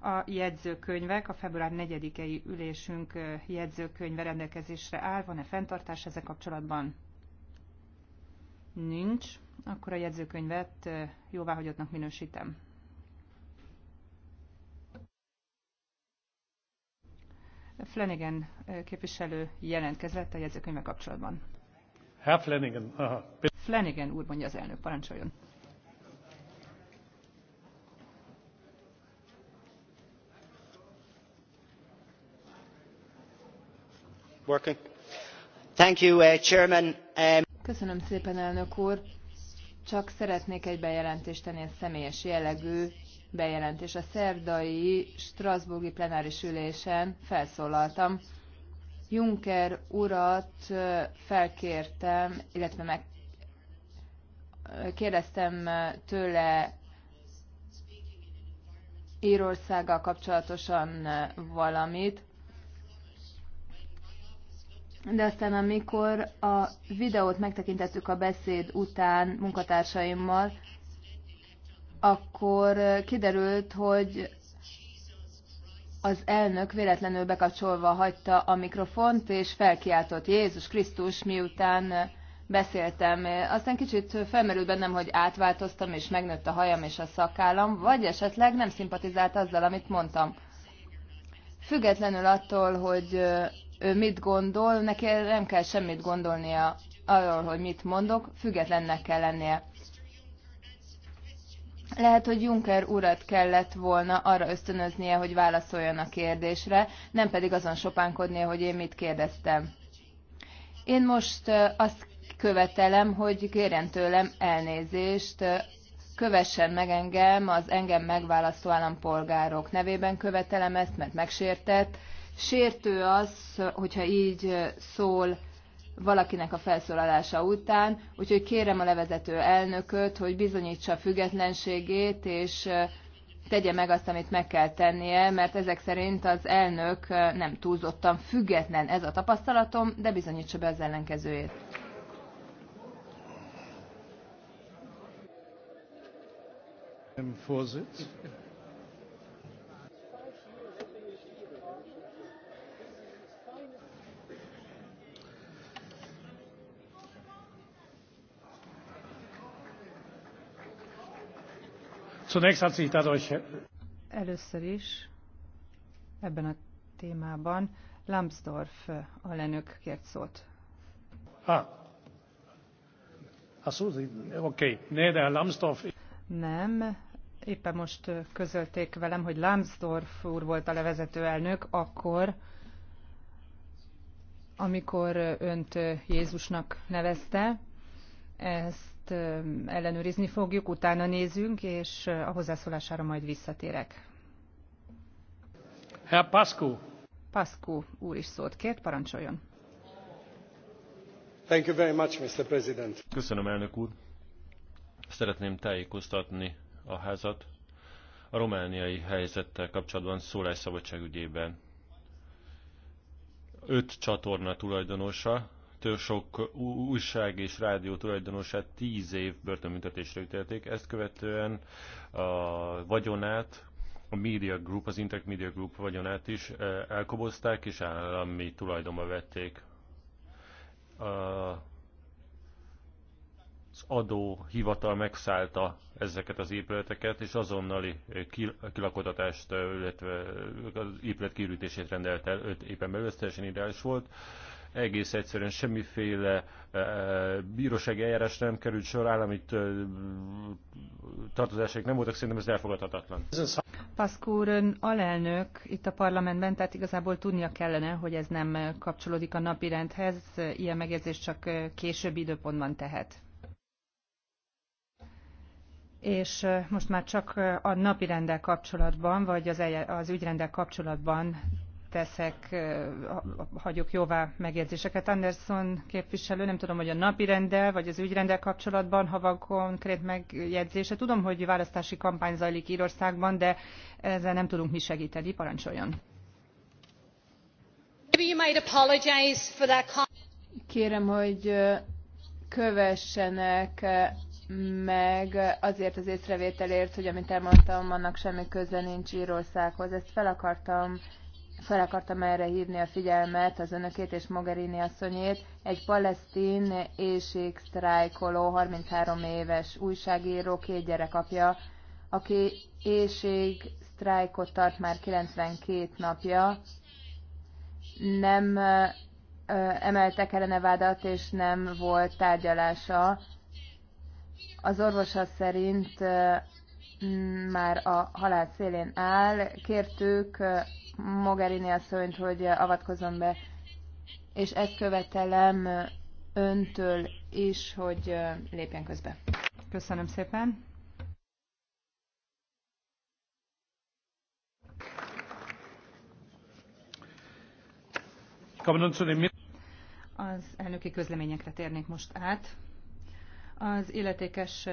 a jegyzőkönyvek, a február 4-i ülésünk jegyzőkönyve rendelkezésre áll. Van-e fenntartás ezzel kapcsolatban? Nincs. Akkor a jegyzőkönyvet jóváhagyottnak minősítem. Flanagan képviselő jelentkezett a jegyzőkönyve kapcsolatban. Herr Flanagan. Aha. Flanagan úr mondja az elnök, parancsoljon. Uh, um, Köszönöm szépen, elnök úr. Csak szeretnék egy bejelentést tenni, egy személyes jellegű bejelentés. A szerdai Strasbourgi plenáris ülésen felszólaltam. Juncker urat felkértem, illetve meg kérdeztem tőle rországgal kapcsolatosan valamit, de aztán amikor a videót megtekintettük a beszéd után munkatársaimmal, akkor kiderült, hogy az elnök véletlenül bekapcsolva hagyta a mikrofont, és felkiáltott Jézus Krisztus, miután beszéltem. Aztán kicsit felmerült bennem, hogy átváltoztam, és megnőtt a hajam és a szakállam, vagy esetleg nem szimpatizált azzal, amit mondtam. Függetlenül attól, hogy ő mit gondol, neki nem kell semmit gondolnia arról, hogy mit mondok, függetlennek kell lennie. Lehet, hogy Juncker urat kellett volna arra ösztönöznie, hogy válaszoljon a kérdésre, nem pedig azon sopánkodnia, hogy én mit kérdeztem. Én most azt követelem, hogy kérjen tőlem elnézést, kövessen meg engem az engem megválasztó állampolgárok nevében követelem ezt, mert megsértett, Sértő az, hogyha így szól valakinek a felszólalása után, úgyhogy kérem a levezető elnököt, hogy bizonyítsa függetlenségét, és tegye meg azt, amit meg kell tennie, mert ezek szerint az elnök nem túlzottan független ez a tapasztalatom, de bizonyítsa be az ellenkezőjét. Vorsitz. Zunächst hat sich dadurch... Először is ebben a témában Lambsdorff alelnök kért szót. Ah. Ach so, oké. Okay. Nee, de Lambsdorff... Nem, éppen most közölték velem, hogy Lambsdorff úr volt a levezető elnök, akkor, amikor önt Jézusnak nevezte, ezt ellenőrizni fogjuk, utána nézünk, és a hozzászólására majd visszatérek. Herr Pascu. Pascu úr is szót kért, parancsoljon. Thank you very much, Mr. President. Köszönöm, elnök úr. Szeretném tájékoztatni a házat a romániai helyzettel kapcsolatban szólásszabadság ügyében. Öt csatorna tulajdonosa től sok újság és rádió tulajdonosát 10 év börtönbüntetésre ítélték. Ezt követően a vagyonát, a Media Group, az Intec Media Group vagyonát is e, elkobozták és állami tulajdonba vették. A az hivatal megszállta ezeket az épületeket, és azonnali e, kilakotatást, e, illetve az épület kiürítését rendelt el öt éppen belül, ez teljesen ideális volt egész egyszerűen semmiféle e, e, bírósági eljárás nem került sor, állami e, tartozásaik nem voltak, szerintem ez elfogadhatatlan. Paszkúr ön alelnök itt a parlamentben, tehát igazából tudnia kellene, hogy ez nem kapcsolódik a napirendhez, ilyen megjegyzés csak későbbi időpontban tehet és most már csak a napi rendel kapcsolatban, vagy az, az ügyrendel kapcsolatban teszek, hagyok jóvá megjegyzéseket. Anderson képviselő, nem tudom, hogy a napi rendel vagy az ügyrendel kapcsolatban, ha van konkrét megjegyzése. Tudom, hogy választási kampány zajlik Írországban, de ezzel nem tudunk mi segíteni. Parancsoljon. Kérem, hogy kövessenek meg azért az észrevételért, hogy amit elmondtam, annak semmi köze nincs Írországhoz. Ezt fel akartam fel akartam erre hívni a figyelmet, az önökét és Mogherini asszonyét, egy palesztin sztrájkoló, 33 éves újságíró, két gyerekapja, aki sztrájkot tart már 92 napja, nem ö, emeltek ellene vádat, és nem volt tárgyalása. Az orvosa szerint ö, már a halál szélén áll. Kértük Mogherini asszonyt, hogy avatkozom be, és ezt követelem öntől is, hogy lépjen közbe. Köszönöm szépen. Az elnöki közleményekre térnék most át. Az illetékes